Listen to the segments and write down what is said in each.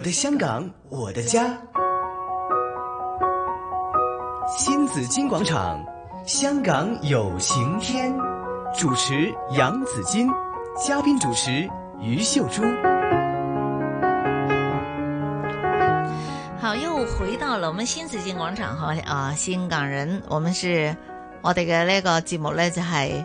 我的香港，我的家。新紫金廣場，香港有晴天。主持楊紫金，嘉賓主持余秀珠。好，又回到了我們新紫金廣場哈，啊，新港人，我們是我哋嘅呢一個節目呢、就是，就係。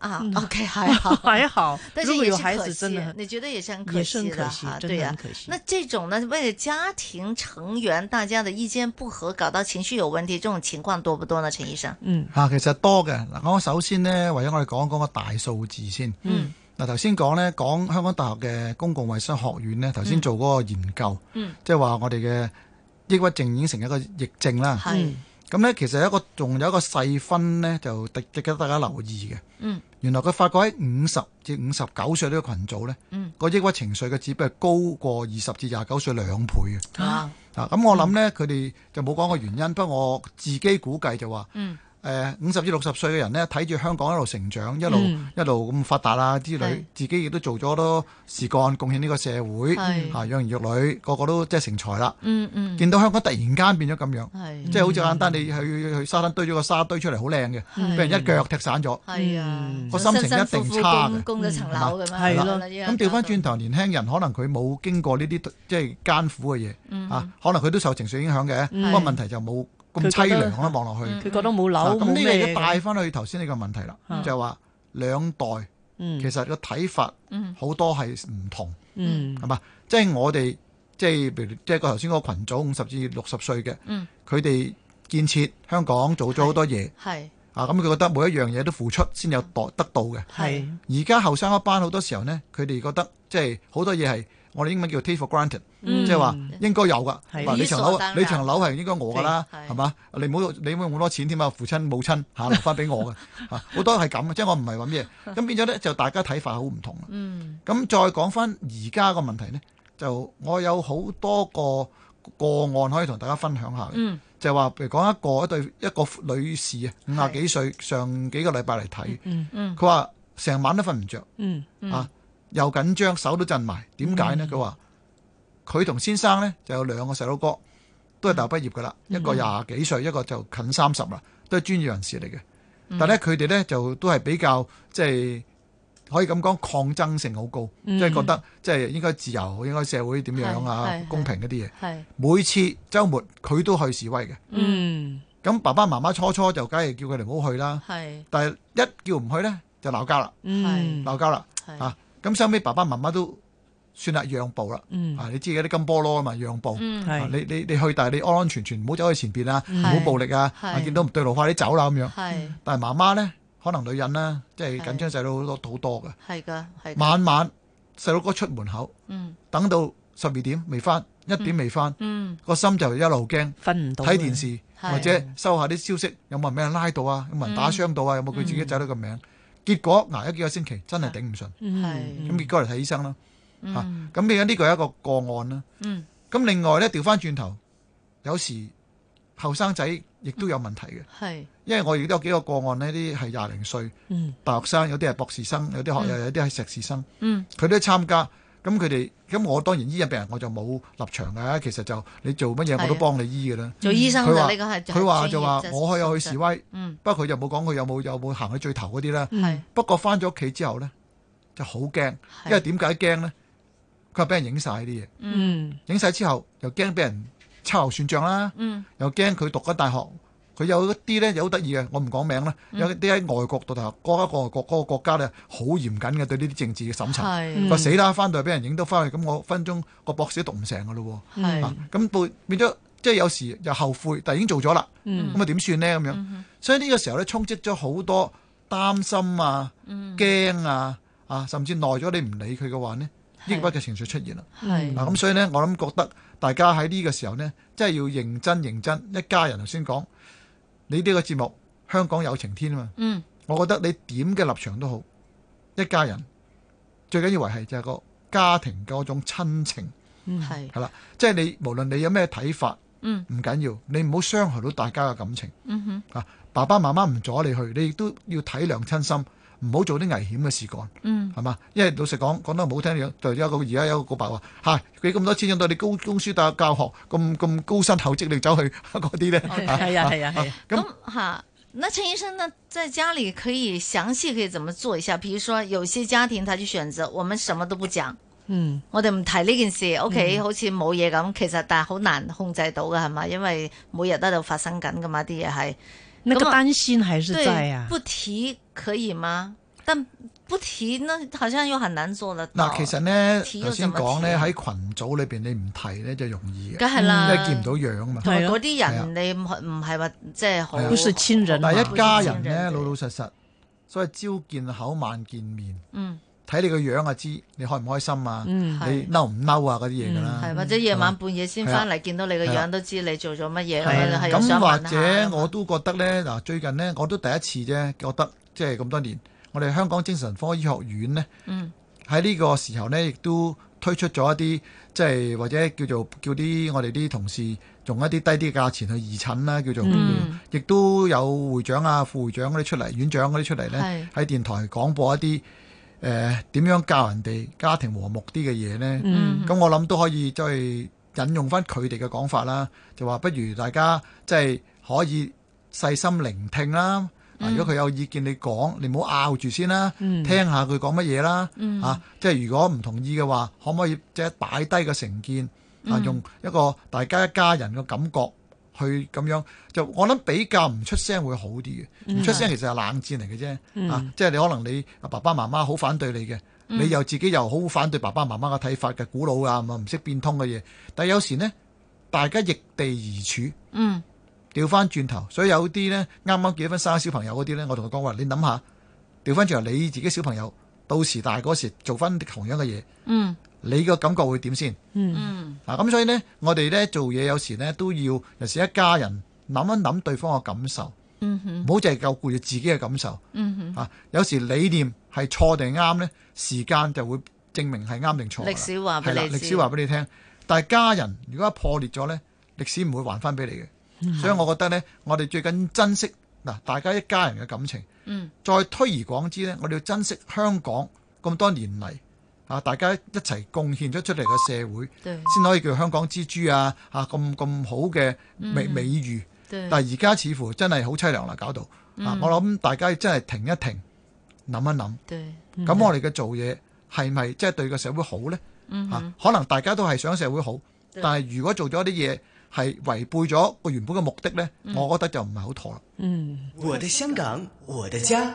啊，OK，還好還好， 但係如果有孩子，真的，你覺得也是很可惜的哈？的對啊，那這種呢，為了家庭成員大家的意見不合，搞到情緒有問題，這種情況多不多呢？陳醫生，嗯，啊，其實多嘅。嗱，我首先呢，為咗我哋講一講個大數字先，嗯，嗱，頭先講呢，講香港大學嘅公共衛生學院呢，頭先做嗰個研究，即係話我哋嘅抑鬱症已經成一個疫症啦，係、嗯。咁咧，其實一個仲有一個細分咧，就值值得大家留意嘅。嗯，原來佢發覺喺五十至五十九歲呢個群組咧，個、嗯、抑鬱情緒嘅指標係高過二十至廿九歲兩倍嘅。啊咁、啊、我諗咧，佢哋、嗯、就冇講個原因，不過我自己估計就話。嗯誒五十至六十歲嘅人呢，睇住香港一路成長，一路一路咁發達啦，之類，自己亦都做咗好多事幹，貢獻呢個社會，嚇養兒育女，個個都即係成才啦。嗯嗯，見到香港突然間變咗咁樣，即係好似簡單，你去去沙灘堆咗個沙堆出嚟，好靚嘅，俾人一腳踢散咗。係啊，個心情一定差嘅。係咯，咁掉翻轉頭，年輕人可能佢冇經過呢啲即係艱苦嘅嘢，嚇，可能佢都受情緒影響嘅。不過問題就冇。咁凄涼，我一望落去，佢覺得冇樓，咁呢個一帶翻去頭先呢個問題啦，就係話兩代其實個睇法好多係唔同，係嘛？即係我哋即係譬如即係個頭先個群組五十至六十歲嘅，佢哋建設香港做咗好多嘢，啊咁佢覺得每一樣嘢都付出先有得得到嘅，而家後生一班好多時候呢，佢哋覺得即係好多嘢係。我哋英文叫做 take for granted，即係話應該有噶。嗱，你層樓你層樓係應該我噶啦，係嘛？你唔好你唔好用好多錢添啊，父親母親嚇留翻俾我嘅嚇，好多係咁嘅。即係我唔係話咩咁變咗咧，就大家睇法好唔同啦。咁再講翻而家個問題呢，就我有好多個個案可以同大家分享下嘅，就係話譬如講一個一對一個女士啊，五廿幾歲，上幾個禮拜嚟睇，佢話成晚都瞓唔着。啊。又緊張，手都震埋。點解呢？佢話佢同先生呢，就有兩個細佬哥，都係大學畢業噶啦。一個廿幾歲，一個就近三十啦，都係專業人士嚟嘅。但係，佢哋呢，就都係比較即係可以咁講抗爭性好高，即係覺得即係應該自由，應該社會點樣啊，公平嗰啲嘢。每次周末佢都去示威嘅。嗯，咁爸爸媽媽初初就梗係叫佢哋唔好去啦。係，但係一叫唔去呢，就鬧交啦。嗯，鬧交啦。啊。咁收尾，爸爸媽媽都算啦，讓步啦。啊，你知嗰啲金菠蘿啊嘛，讓步。你你你去，但係你安安全全，唔好走去前邊啊，唔好暴力啊。見到唔對路快啲走啦咁樣。但係媽媽咧，可能女人啦，即係緊張細佬好多好多嘅。係噶，係。晚晚細佬哥出門口，等到十二點未翻，一點未翻，個心就一路驚。瞓唔到，睇電視或者收下啲消息，有冇人畀人拉到啊？有冇人打傷到啊？有冇佢自己仔女個名？結果捱咗幾個星期，真係頂唔順。咁是結果嚟睇醫生啦。咁變咗呢個係一個個案啦。咁、嗯、另外咧，調返轉頭，有時後生仔亦都有問題嘅。嗯、因為我亦都有幾個個,個案呢啲係廿零歲、嗯、大學生，有啲係博士生，有啲學又有啲係碩士生。佢、嗯嗯、都參加。咁佢哋，咁我當然醫緊病人，我就冇立場嘅。其實就你做乜嘢我都幫你醫嘅啦。做醫生嘅，呢佢話就話我可以去示威，嗯、不過佢就冇講佢有冇有冇行去最頭嗰啲啦。的不過翻咗屋企之後咧，就好驚，的因為點解驚咧？佢話俾人影晒啲嘢，影晒、嗯、之後又驚俾人秋後算賬啦，嗯、又驚佢讀緊大學。佢有一啲咧，有好得意嘅。我唔講名啦。有啲喺外國讀大學，嗰一國外國嗰個國家咧，好嚴謹嘅對呢啲政治嘅審查。話死啦，翻到嚟俾人影到翻去，咁我分分鐘個博士讀唔成噶咯喎。咁變變咗，即係有時又後悔，但係已經做咗啦。咁啊點算呢？咁樣所以呢個時候咧，充斥咗好多擔心啊、驚啊啊，甚至耐咗你唔理佢嘅話呢，抑鬱嘅情緒出現啦。嗱咁所以呢，我諗覺得大家喺呢個時候呢，真係要認真認真，一家人頭先講。你呢個節目香港有情天啊嘛，嗯、我覺得你點嘅立場都好，一家人最緊要維繫就係個家庭嗰種親情，係是，係啦，即係你無論你有咩睇法，唔緊要，你唔好傷害到大家嘅感情，嗯、哼啊，爸爸媽媽唔阻你去，你亦都要體諒親心。唔好做啲危險嘅事幹，嗯，係嘛？因為老實講，講得唔好聽，有一個有一個而家、哎、有個告白話嚇，俾咁多錢用到你高公大學教學，咁咁高薪厚職力走去嗰啲咧，係啊係、嗯、啊係。咁吓，那陳醫生呢，那在家裡可以詳細可以怎麼做一下？譬如說，有些家庭他就選擇我們什麼都不講，嗯，我哋唔提呢件事。OK，嗯、好似冇嘢咁，其實但係好難控制到嘅係嘛，因為每日都喺度發生緊嘅嘛啲嘢係。那個擔心還是在呀、啊，不提可以嗎？但不提，呢，好像又很難做得到。嗱，其實呢，頭先講呢，喺群組裏邊，你唔提呢，就容易，梗係啦，嗯、見唔到樣嘛。同埋嗰啲人，你唔係話即係好似親人，但一家人呢，人老老實實，所謂朝見口，晚見面。嗯。睇你個樣啊，知你開唔開心啊？你嬲唔嬲啊？嗰啲嘢㗎啦。係或者夜晚半夜先翻嚟，見到你個樣都知你做咗乜嘢係咁或者我都覺得咧嗱，最近呢，我都第一次啫，覺得即係咁多年，我哋香港精神科醫學院咧，喺呢個時候呢，亦都推出咗一啲即係或者叫做叫啲我哋啲同事用一啲低啲價錢去義診啦，叫做亦都有會長啊、副會長嗰啲出嚟，院長嗰啲出嚟咧，喺電台廣播一啲。誒點、呃、樣教人哋家，家庭和睦啲嘅嘢呢？咁、嗯、我諗都可以即係引用翻佢哋嘅講法啦。就話不如大家即係可以細心聆聽啦。嗯啊、如果佢有意見你，你講，你唔好拗住先啦，嗯、聽下佢講乜嘢啦。嚇、嗯啊，即係如果唔同意嘅話，可唔可以即係擺低個成見啊？用一個大家一家人嘅感覺。佢咁樣就我諗比較唔出聲會好啲嘅，唔出聲其實係冷戰嚟嘅啫，嚇、嗯啊！即係你可能你爸爸媽媽好反對你嘅，你又自己又好反對爸爸媽媽嘅睇法嘅古老啊，唔係唔識變通嘅嘢。但係有時呢，大家逆地而處，調翻轉頭。所以有啲呢，啱啱結婚生小朋友嗰啲呢，我同佢講話，你諗下，調翻轉頭你自己小朋友到時大個時做翻同樣嘅嘢。嗯你個感覺會點先？嗯，嗱、啊，咁所以呢，我哋呢做嘢有時呢都要，有時一家人，諗一諗對方嘅感受。嗯哼，唔好淨係顧住自己嘅感受。嗯哼，嗯啊，有時理念係錯定啱呢，時間就會證明係啱定錯歷。歷史話俾你知。聽。但係家人如果破裂咗呢，歷史唔會還翻俾你嘅。所以我覺得呢，我哋最緊珍惜嗱，大家一家人嘅感情。嗯。再推而廣之呢，我哋要珍惜香港咁多年嚟。啊！大家一齊貢獻咗出嚟嘅社會，先對可以叫香港之珠啊！啊咁咁好嘅美美譽，但係而家似乎真係好凄涼啦，搞到、嗯、啊！我諗大家真係停一停，諗一諗，咁、嗯、我哋嘅做嘢係咪係即係對個社會好呢？嚇、嗯啊，可能大家都係想社會好，嗯、但係如果做咗啲嘢係違背咗個原本嘅目的呢，嗯嗯、我覺得就唔係好妥啦。嗯，我的香港，我的家。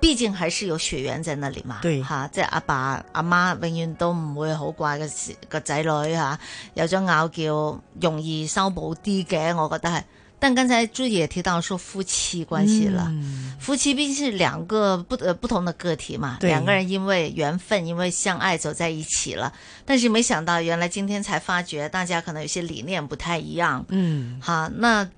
畢竟還是有血緣在那裏嘛，對哈，即係阿爸阿媽永遠都唔會好怪嘅個仔女吓，有咗拗叫容易稍冇啲嘅，我覺得係。但剛才朱姐也提到說夫妻關係啦，嗯、夫妻畢竟是兩個不、呃、不同的個體嘛，對兩個人因為緣分因為相愛走在一起了，但是沒想到原來今天才發覺大家可能有些理念不太一樣。嗯，哈，那。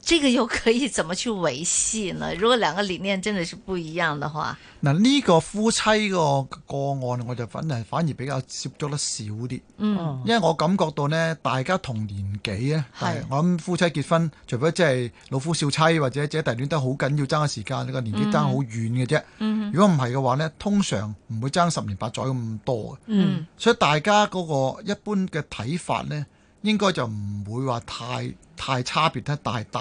這個又可以怎麼去維繫呢？如果兩個理念真的是不一樣的話，嗱呢個夫妻個個案我就反，反而比較接觸得少啲。嗯，因為我感覺到咧，哦、大家同年紀咧，我諗夫妻結婚，是除非即係老夫少妻，或者姐弟戀得好緊要爭嘅時間，呢個、嗯、年紀爭好遠嘅啫。嗯、如果唔係嘅話呢，通常唔會爭十年八載咁多嘅。嗯，所以大家嗰個一般嘅睇法呢。應該就唔會話太太差別得太大，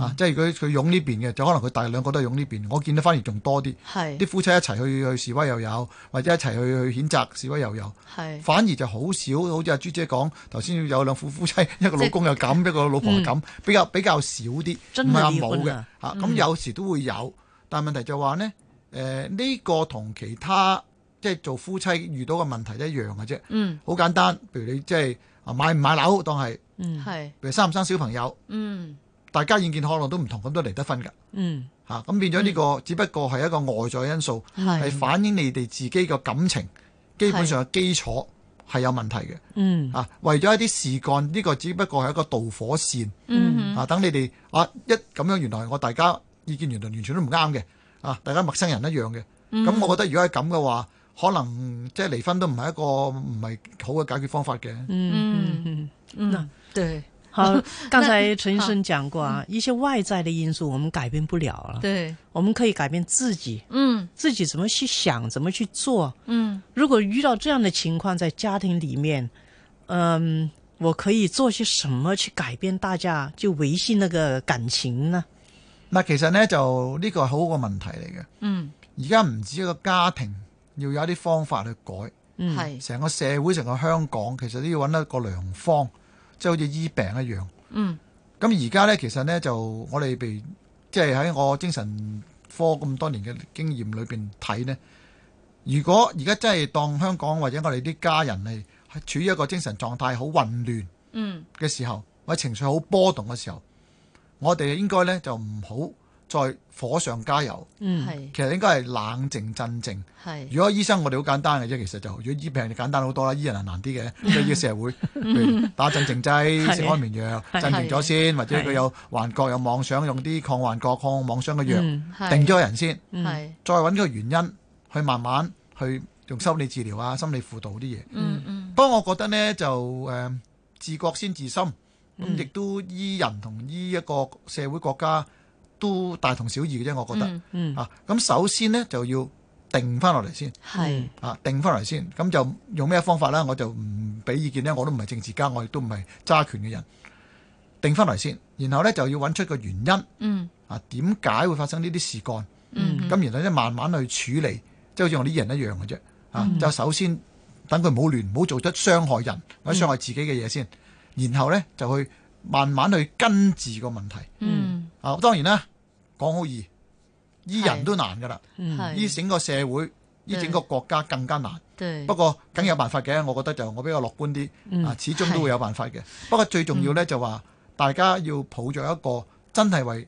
啊！即係如果佢擁呢邊嘅，就可能佢大兩個都係擁呢邊。我見到反而仲多啲，啲夫妻一齊去去示威又有，或者一齊去去譴責示威又有，反而就好少。好似阿朱姐講頭先，有兩副夫妻，一個老公又咁，一個老婆又咁，比較比較少啲，唔係話冇嘅吓。咁有時都會有，但係問題就話呢，誒呢個同其他即係做夫妻遇到嘅問題一樣嘅啫。嗯，好簡單，譬如你即係。啊，買唔買樓當係，嗯係，譬如生唔生小朋友，嗯是，大家意見可能都唔同，咁都離得分噶，嗯，吓咁、啊、變咗呢個只不過係一個外在因素，係是，反映你哋自己個感情基本上嘅基礎係有問題嘅，嗯，啊為咗一啲事幹，呢、這個只不過係一個導火線，嗯，啊等你哋啊一咁樣，原來我大家意見原來完全都唔啱嘅，啊大家陌生人一樣嘅，咁、啊嗯啊、我覺得如果係咁嘅話。可能即係離婚都唔係一個唔係好嘅解決方法嘅。嗯，嗱、嗯那嗯，對， 好。剛才陳醫生講過啊， 一些外在的因素我們改變不了啊。對，我們可以改變自己。嗯，自己怎麼去想，怎麼去做。嗯，如果遇到這樣嘅情況，在家庭裏面，嗯，我可以做些什麼去改變大家，就維繫那個感情呢？嗱，其實呢，就呢、這個係好嘅問題嚟嘅。嗯，而家唔止一個家庭。嗯要有啲方法去改，嗯、成個社會、成個香港，其實都要揾一個良方，即係好似醫病一樣。咁而家呢，其實呢，就我哋譬如，即係喺我精神科咁多年嘅經驗裏邊睇呢，如果而家真係當香港或者我哋啲家人係處於一個精神狀態好混亂嘅時候，嗯、或者情緒好波動嘅時候，我哋應該呢就唔好。再火上加油，其實應該係冷靜鎮靜。如果醫生，我哋好簡單嘅啫。其實就如果醫病就簡單好多啦，醫人係難啲嘅。即係呢個社會打鎮靜劑，食安眠藥，鎮靜咗先，或者佢有幻覺、有妄想，用啲抗幻覺、抗妄想嘅藥，定咗人先，再揾個原因去慢慢去用心理治療啊、心理輔導啲嘢。不過我覺得呢，就誒治國先治心，亦都醫人同醫一個社會國家，都大同小異嘅啫，我覺得，嗯，嗯啊，咁首先呢，就要定翻落嚟先，係是，啊，定翻落嚟先，咁就用咩方法呢？我就唔俾意見呢。我都唔係政治家，我亦都唔係揸權嘅人。定翻落嚟先，然後呢，就要揾出個原因，嗯，啊，點解會發生呢啲事幹？嗯，咁、啊、然後咧慢慢去處理，即係好似我啲人一樣嘅啫，啊，嗯、就首先等佢冇亂，唔好做出傷害人或者傷害自己嘅嘢先，然後呢，就去慢慢去根治個問題，嗯。啊，當然啦，講好易，醫人都難㗎喇，醫整個社會，醫整個國家更加難。不過梗有辦法嘅，我覺得就我比較樂觀啲。啊，始終都會有辦法嘅。不過最重要咧就話，大家要抱著一個真係為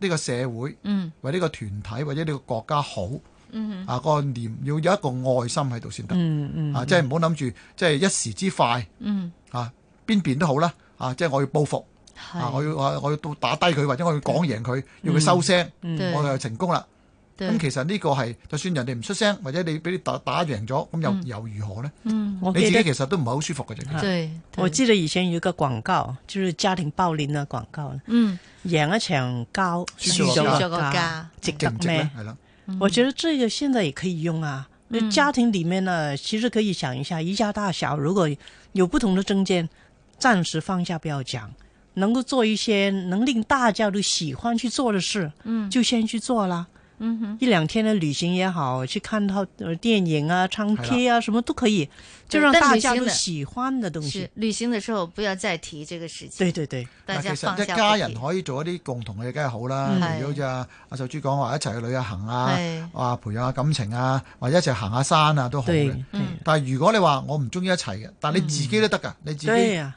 呢個社會，為呢個團體或者呢個國家好。啊，個念要有一個愛心喺度先得。啊，即係唔好諗住，即係一時之快。啊，邊邊都好啦。啊，即係我要報復。啊！我要我我要到打低佢，或者我要講贏佢，要佢收聲，我又成功啦。咁其實呢個係就算人哋唔出聲，或者你俾你打打贏咗，咁又又如何咧？你自己其實都唔係好舒服嘅。對，我自己記得以前有一個廣告，就是家庭暴力嘅廣告。嗯，贏一場交輸咗個家，值得咩？係咯。我覺得這個現在也可以用啊。家庭裡面呢，其實可以想一下，一家大小如果有不同的政見，暫時放下不要講，能夠做一些能令大家都喜歡去做的事，就先去做了，一兩天的旅行也好，去看套電影啊、唱 K 啊，什麼都可以，就讓大家都喜歡的東西。旅行的時候不要再提這個事情。對對對，大家放下。其實一家人可以做一啲共同嘅嘢，梗係好啦。如果就阿秀珠講話一齊去旅行啊，話培養下感情啊，或者一齊行下山啊都好。但係如果你話我唔中意一齊嘅，但係你自己都得噶，你自己，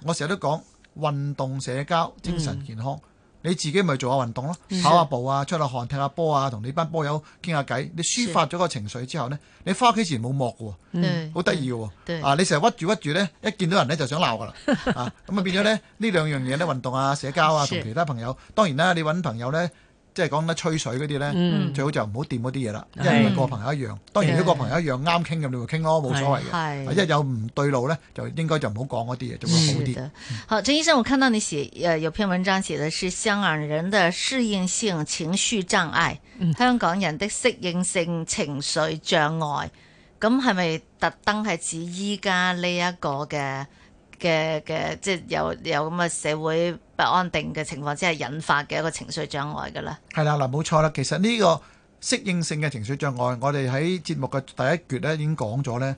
我成日都講。運動、社交、精神健康，嗯、你自己咪做下運動咯，嗯、跑下步啊，出下汗、踢下波啊，同你班波友傾下偈。你抒發咗個情緒之後呢，你翻屋企時冇噁嘅喎，好得意喎。啊，對 你成日屈住屈住呢，一見到人呢就想鬧㗎啦。 啊，咁啊變咗呢呢 兩樣嘢呢，運動啊、社交啊，同其他朋友，當然啦，你揾朋友呢。即係講得吹水嗰啲呢，嗯、最好就唔好掂嗰啲嘢啦。嗯、因為個朋友一樣，嗯、當然如果個朋友一樣啱傾嘅，你咪傾咯，冇所謂嘅。謊的一有唔對路呢，就應該就唔好講嗰啲嘢，就會好啲。好，陳醫生，我看到你寫有篇文章寫的是香港人的適應性情緒障礙，嗯、香港人的適應性情緒障礙咁係咪特登係指依家呢一個嘅？嘅嘅，即係有有咁嘅社會不安定嘅情況之下引發嘅一個情緒障礙嘅啦。係啦，嗱冇錯啦，其實呢個適應性嘅情緒障礙，我哋喺節目嘅第一段咧已經講咗咧，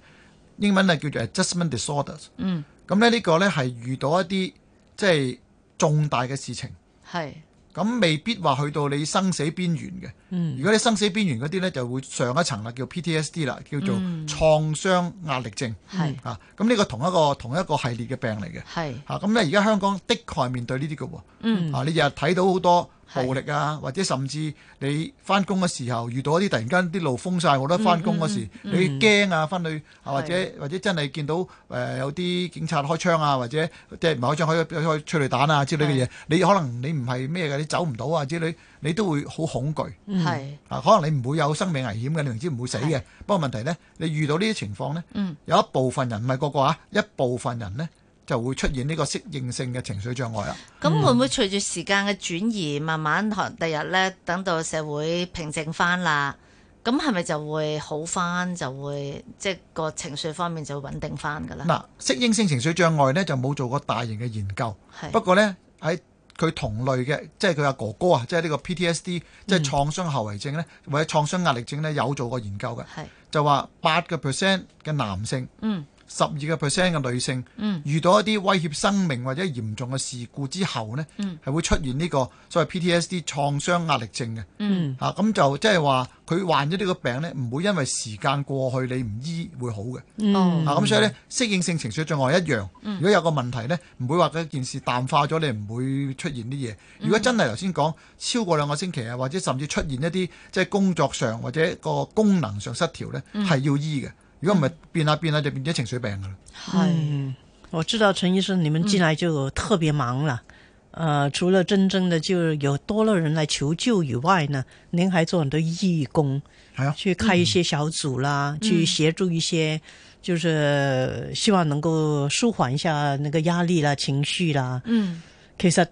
英文係叫做 adjustment disorders。嗯，咁咧呢個咧係遇到一啲即係重大嘅事情。係。咁未必話去到你生死邊緣嘅。嗯、如果你生死邊緣嗰啲呢，就會上一層啦，叫 PTSD 啦，叫做創傷壓力症。係嚇、嗯，咁呢個同一個同一個系列嘅病嚟嘅。係嚇是，咁呢而家香港的確係面對呢啲㗎喎。嗯，啊，你日日睇到好多。暴力啊，或者甚至你翻工嘅時候遇到一啲突然間啲路封晒，我都翻工嗰時，你驚啊翻去，或、啊、者 less 或者真係見到誒、呃、有啲警察開槍啊，或者即係唔係開槍，開槍可以開催淚彈啊之類嘅嘢，是你可能你唔係咩嘅，你走唔到啊之類，是你都會好恐懼。係啊，可能你唔會有生命危險嘅，你明知唔會死嘅，不過問題呢，你遇到呢啲情況咧，有一部分人唔係個個啊，一部分人呢，就會出現呢個適應性嘅情緒障礙啦。咁、嗯、會唔會隨住時間嘅轉移，慢慢學第日咧，等到社會平靜翻啦，咁係咪就會好翻，就會即係、就是、個情緒方面就會穩定翻㗎啦？嗱、嗯，適應性情緒障礙呢，就冇做過大型嘅研究，是不過呢，喺佢同類嘅，即係佢阿哥哥啊，即係呢個 PTSD，即係創傷後遺症咧，或者創傷壓力症咧，有做過研究嘅，是就話八個 percent 嘅男性是。嗯十二個 percent 嘅女性、嗯、遇到一啲威脅生命或者嚴重嘅事故之後咧，係、嗯、會出現呢個所謂 PTSD 創傷壓力症嘅。嚇咁、嗯啊、就即係話佢患咗呢個病呢，唔會因為時間過去你唔醫會好嘅。嚇咁、嗯啊、所以呢，適應性情緒障礙一樣。如果有個問題呢，唔會話嗰件事淡化咗，你唔會出現啲嘢。如果真係頭先講超過兩個星期啊，或者甚至出現一啲即係工作上或者個功能上失調呢，係要醫嘅。如果唔係變下變下就變咗情緒病噶啦。係、嗯，嗯、我知道陳醫生，你們近來就特別忙啦。誒、嗯呃，除了真正的就有多咗人來求救以外呢，您還做很多義工，係啊、嗯，去開一些小組啦，嗯、去協助一些，嗯、就是希望能夠舒緩一下那個壓力啦、情緒啦。嗯，其實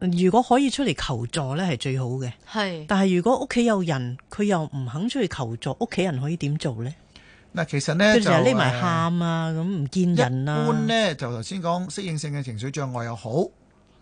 如果可以出嚟求助呢，係最好嘅。係、嗯，但係如果屋企有人佢又唔肯出去求助，屋企人可以點做呢？嗱，其實咧就匿埋喊啊，咁唔、嗯、見人啊。一般咧就頭先講適應性嘅情緒障礙又好，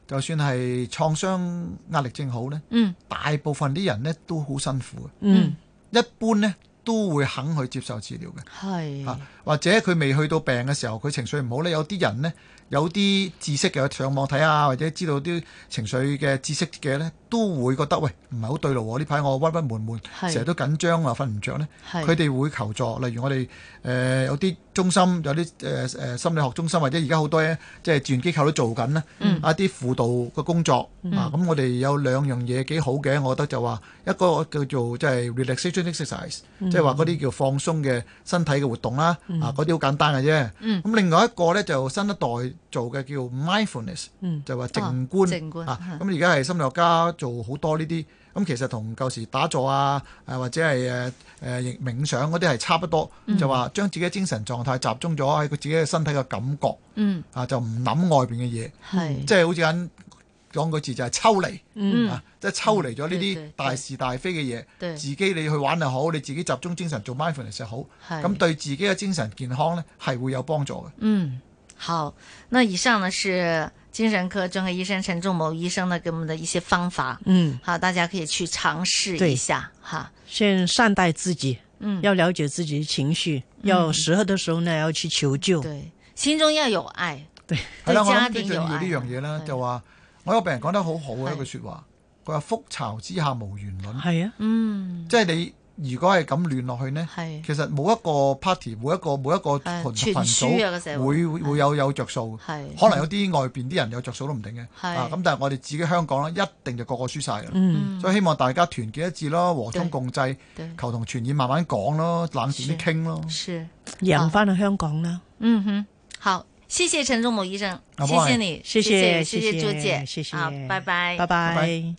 就算係創傷壓力症好咧，嗯，大部分啲人咧都好辛苦嘅，嗯，一般咧都會肯去接受治療嘅，係是，吓、啊、或者佢未去到病嘅時候，佢情緒唔好咧，有啲人呢，有啲知識嘅上網睇下，或者知道啲情緒嘅知識嘅咧。都會覺得喂，唔係好對路喎，呢排我鬱鬱悶悶，成日都緊張啊，瞓唔著咧。佢哋會求助，例如我哋誒有啲中心，有啲誒誒心理學中心，或者而家好多咧，即係志願機構都做緊咧，一啲輔導嘅工作啊。咁我哋有兩樣嘢幾好嘅，我覺得就話一個叫做即係 relaxation exercise，即係話嗰啲叫放鬆嘅身體嘅活動啦。啊，嗰啲好簡單嘅啫。咁另外一個咧就新一代做嘅叫 mindfulness，就話靜觀啊。咁而家係心理學家。做好多呢啲咁，其實同舊時打坐啊，誒或者係誒誒冥想嗰啲係差不多，嗯、就話將自己嘅精神狀態集中咗喺佢自己嘅身體嘅感覺，嗯、啊就唔諗外邊嘅嘢，是即係好似喺講個字就係抽離，嗯啊、即係抽離咗呢啲大是大非嘅嘢，嗯、對對對對自己你去玩又好，你自己集中精神做 mindfulness 又好，咁對，對自己嘅精神健康咧係會有幫助嘅。嗯，好，那以上呢是，精神科專科醫生陳仲謀醫生呢，給我們的一些方法。嗯，好，大家可以去嘗試一下，哈。先善待自己，嗯，要了解自己嘅情緒，要適合的時候呢，要去求救。對，心中要有愛，對，對家庭有愛。呢樣嘢咧就話，我有病人講得好好嘅一句說話，佢話覆巢之下無完卵。係啊，嗯，即係你。如果係咁亂落去咧，其實冇一個 party，冇一個冇一個羣羣組會會有有着數，可能有啲外邊啲人有着數都唔定嘅。啊，咁但係我哋自己香港咧，一定就個個輸曬啦。所以希望大家團結一致咯，和衷共濟，求同存異，慢慢講咯，冷靜啲傾咯，是贏翻去香港啦。嗯哼，好，謝謝陳仲謀醫生，謝謝你，謝謝謝謝主持，謝好，拜拜，拜拜。